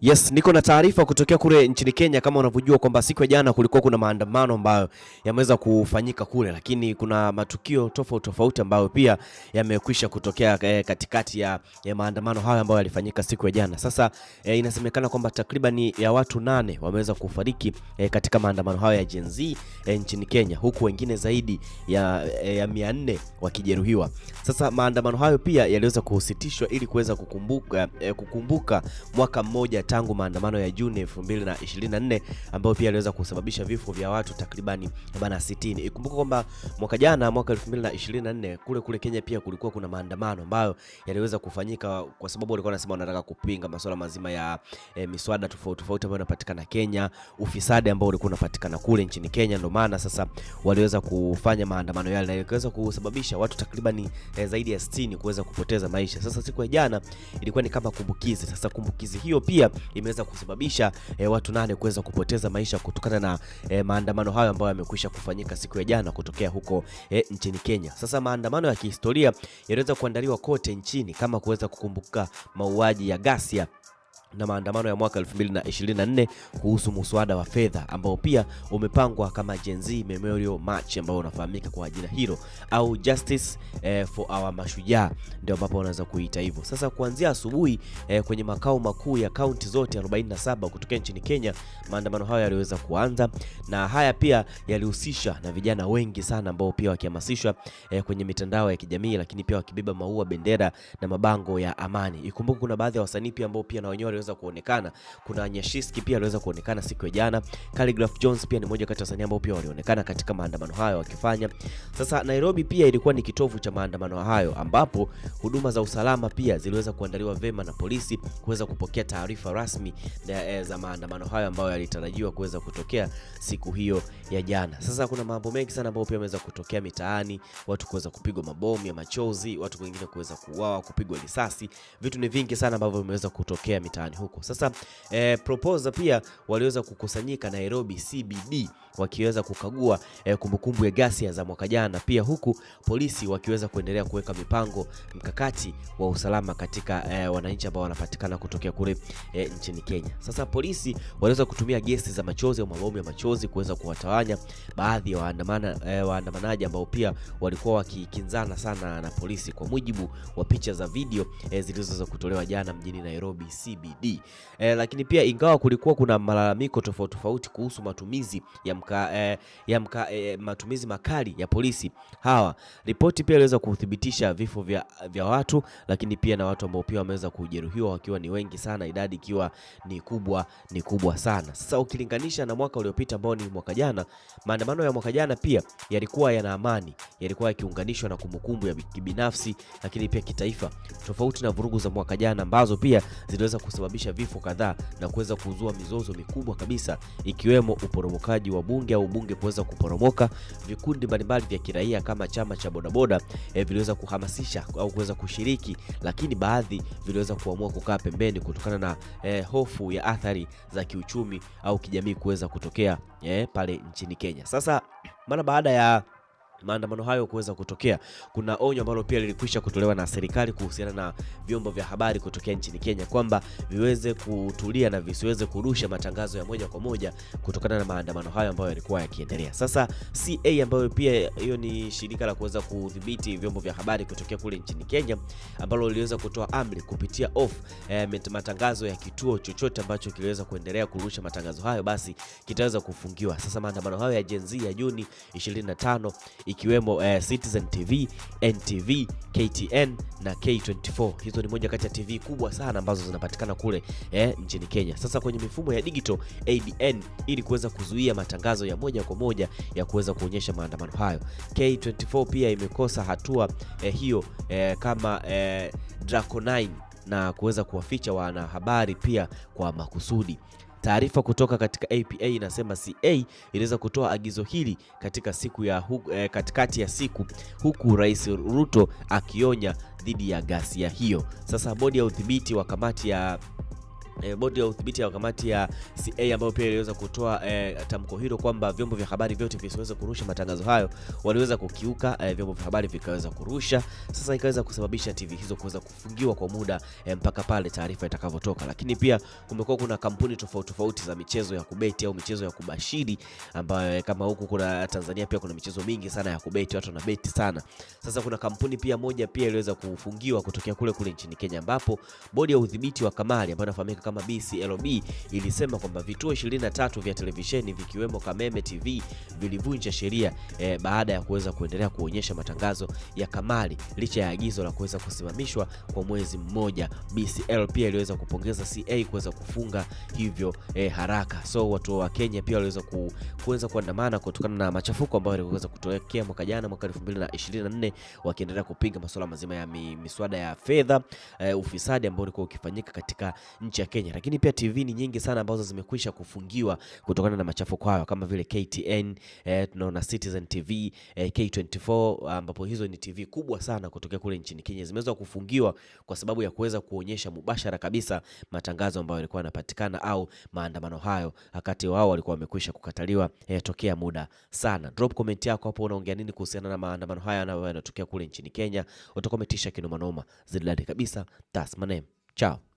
Yes, niko na taarifa kutokea kule nchini Kenya kama unavyojua kwamba siku ya jana kulikuwa kuna maandamano ambayo yameweza kufanyika kule, lakini kuna matukio tofauti tofauti ambayo pia yamekwisha kutokea eh, katikati ya, ya maandamano hayo ambayo yalifanyika siku ya jana. Sasa eh, inasemekana kwamba takriban ya watu nane wameweza kufariki eh, katika maandamano hayo ya Gen Z eh, nchini Kenya huku wengine zaidi ya, eh, ya mia nne wakijeruhiwa. Sasa maandamano hayo pia yaliweza kusitishwa ili kuweza kukumbuka, eh, kukumbuka mwaka mmoja tangu maandamano ya Juni 2024 ambayo pia aliweza kusababisha vifo vya watu takribani 60. Ikumbuka kwamba mwaka jana mwaka 2024 kule kule Kenya pia kulikuwa kuna maandamano ambayo yaliweza kufanyika kwa sababu walikuwa wanasema wanataka kupinga masuala mazima ya e, miswada tofauti tofauti ambayo inapatikana Kenya, ufisadi ambao ulikuwa unapatikana kule nchini Kenya. Ndio maana sasa waliweza kufanya maandamano yale na kusababisha watu takribani e, zaidi ya 60 kuweza kupoteza maisha. Sasa siku ya jana ilikuwa ni kama kumbukizi. Sasa kumbukizi hiyo pia imeweza kusababisha e, watu nane kuweza kupoteza maisha kutokana na e, maandamano hayo ambayo yamekwisha kufanyika siku ya jana kutokea huko e, nchini Kenya. Sasa maandamano ya kihistoria yanaweza kuandaliwa kote nchini kama kuweza kukumbuka mauaji ya ghasia na maandamano ya mwaka 2024 kuhusu muswada wa fedha ambao pia umepangwa kama Gen Z Memorial March ambao unafahamika kwa jina hilo au Justice eh, for our mashujaa ndio ambapo unaweza kuita hivyo. Sasa kuanzia asubuhi eh, kwenye makao makuu ya kaunti zote 47 kutoka nchini Kenya, maandamano hayo yaliweza kuanza, na haya pia yalihusisha na vijana wengi sana ambao pia wakihamasishwa eh, kwenye mitandao ya kijamii, lakini pia wakibeba maua, bendera na mabango ya amani. Ikumbuke kuna baadhi ya wasanii pia ambao pia na wenyewe aliweza kuonekana. Kuna Nyashiski pia aliweza kuonekana siku ya jana. Khaligraph Jones pia ni mmoja kati ya wasanii ambao pia walionekana katika maandamano hayo wakifanya. Sasa Nairobi pia ilikuwa ni kitovu cha maandamano hayo, ambapo huduma za usalama pia ziliweza kuandaliwa vema na polisi kuweza kupokea taarifa rasmi eh, za maandamano hayo ambayo yalitarajiwa kuweza kutokea siku hiyo ya jana. Sasa kuna mambo mengi sana ambayo pia yameweza kutokea mitaani, watu kuweza kupigwa mabomu ya machozi, watu wengine kuweza kuuawa, kupigwa risasi. Vitu ni vingi sana ambavyo vimeweza kutokea mitaani fulani huko. Sasa eh, proposer pia waliweza kukusanyika Nairobi CBD wakiweza kukagua eh, kumbukumbu ya ghasia za mwaka jana, pia huku polisi wakiweza kuendelea kuweka mipango mkakati wa usalama katika eh, wananchi ambao wanapatikana kutokea kule eh, nchini Kenya. Sasa polisi waliweza kutumia gesi za machozi au mabomu ya machozi kuweza kuwatawanya baadhi ya waandamana, eh, waandamanaji ambao pia walikuwa wakikinzana sana na polisi, kwa mujibu wa picha za video eh, zilizoweza kutolewa jana mjini Nairobi CBD zaidi e, eh, lakini pia ingawa kulikuwa kuna malalamiko tofauti tofauti kuhusu matumizi ya mka, e, ya mka, e, matumizi makali ya polisi hawa, ripoti pia iliweza kuthibitisha vifo vya, vya watu lakini pia na watu ambao pia wameweza kujeruhiwa wakiwa ni wengi sana, idadi ikiwa ni kubwa ni kubwa sana. Sasa ukilinganisha na mwaka uliopita ambao ni mwaka jana, maandamano ya mwaka jana pia yalikuwa yana amani, yalikuwa yakiunganishwa na kumbukumbu ya kibinafsi, lakini pia kitaifa, tofauti na vurugu za mwaka jana ambazo pia ziliweza kusababisha kusababisha vifo kadhaa na kuweza kuzua mizozo mikubwa kabisa, ikiwemo uporomokaji wa bunge au bunge kuweza kuporomoka. Vikundi mbalimbali vya kiraia kama chama cha bodaboda e, viliweza kuhamasisha au kuweza kushiriki, lakini baadhi viliweza kuamua kukaa pembeni kutokana na e, hofu ya athari za kiuchumi au kijamii kuweza kutokea e, pale nchini Kenya. Sasa mara baada ya maandamano hayo kuweza kutokea. Kuna onyo ambalo pia lilikwisha kutolewa na serikali kuhusiana na vyombo vya habari kutokea nchini Kenya kwamba viweze kutulia na visiweze kurusha matangazo ya moja kwa moja kutokana na maandamano hayo ambayo yalikuwa yakiendelea. Sasa CA ambayo pia hiyo ni shirika la kuweza kudhibiti vyombo vya habari kutokea kule nchini Kenya ambalo liliweza kutoa amri kupitia off eh, matangazo ya kituo chochote ambacho kiliweza kuendelea kurusha matangazo hayo basi kitaweza kufungiwa. Sasa maandamano hayo ya Gen Z ya Juni 25 ikiwemo uh, Citizen TV, NTV, KTN na K24. Hizo ni moja kati ya TV kubwa sana ambazo zinapatikana kule eh, nchini Kenya. Sasa kwenye mifumo ya digital ADN, ili kuweza kuzuia matangazo ya moja kwa moja ya kuweza kuonyesha maandamano hayo, K24 pia imekosa hatua eh, hiyo eh, kama eh, Draco9 na kuweza kuwaficha wanahabari pia kwa makusudi. Taarifa kutoka katika APA inasema CA iliweza kutoa agizo hili katika siku ya huku, eh, katikati ya siku huku Rais Ruto akionya dhidi ya ghasia hiyo. Sasa bodi ya udhibiti wa kamati ya E, bodi ya udhibiti ya kamati ya CA ambayo pia iliweza kutoa e, tamko hilo kwamba vyombo vya habari vyote visiweze kurusha matangazo hayo, waliweza kukiuka e, vyombo vya habari vikaweza kurusha. Sasa ikaweza kusababisha TV hizo kuweza kufungiwa kwa muda e, mpaka pale taarifa itakavyotoka. Lakini pia kumekuwa kuna kampuni tofauti tofauti za michezo ya kubeti au michezo ya kubashiri, ambayo e, kama huku kuna Tanzania pia kuna michezo mingi sana ya kubeti, watu wanabeti sana. Sasa kuna kampuni pia moja pia iliweza kufungiwa kutokea kule kule nchini Kenya, ambapo bodi ya udhibiti wa kamari ambayo inafahamika kama BCLB ilisema kwamba vituo 23 vya televisheni vikiwemo Kameme TV vilivunja sheria e, baada ya kuweza kuendelea kuonyesha matangazo ya kamari licha ya agizo la kuweza kusimamishwa kwa mwezi mmoja. BCL pia iliweza kupongeza CA kuweza kufunga hivyo e, haraka. So watu wa Kenya pia waliweza ku, kuweza kuandamana kutokana na machafuko ambayo yalikuweza kutokea mwaka jana mwaka 2024 wakiendelea kupinga masuala mazima ya miswada ya fedha e, ufisadi ambao ulikuwa ukifanyika katika nchi ya Kenya. Kenya, lakini pia TV ni nyingi sana ambazo zimekwisha kufungiwa kutokana na machafuko hayo kama vile KTN eh, tunaona Citizen TV eh, K24 ambapo hizo ni TV kubwa sana kutokea kule nchini Kenya zimeweza kufungiwa kwa sababu ya kuweza kuonyesha mubashara kabisa matangazo ambayo yalikuwa yanapatikana au maandamano hayo, wakati wao walikuwa wamekwisha kukataliwa eh, tokea muda sana. Drop comment yako hapo, unaongea nini kuhusiana na maandamano haya yanayotokea kule nchini Kenya? Utakometisha kinomanoma zidi kabisa. That's my name. Ciao.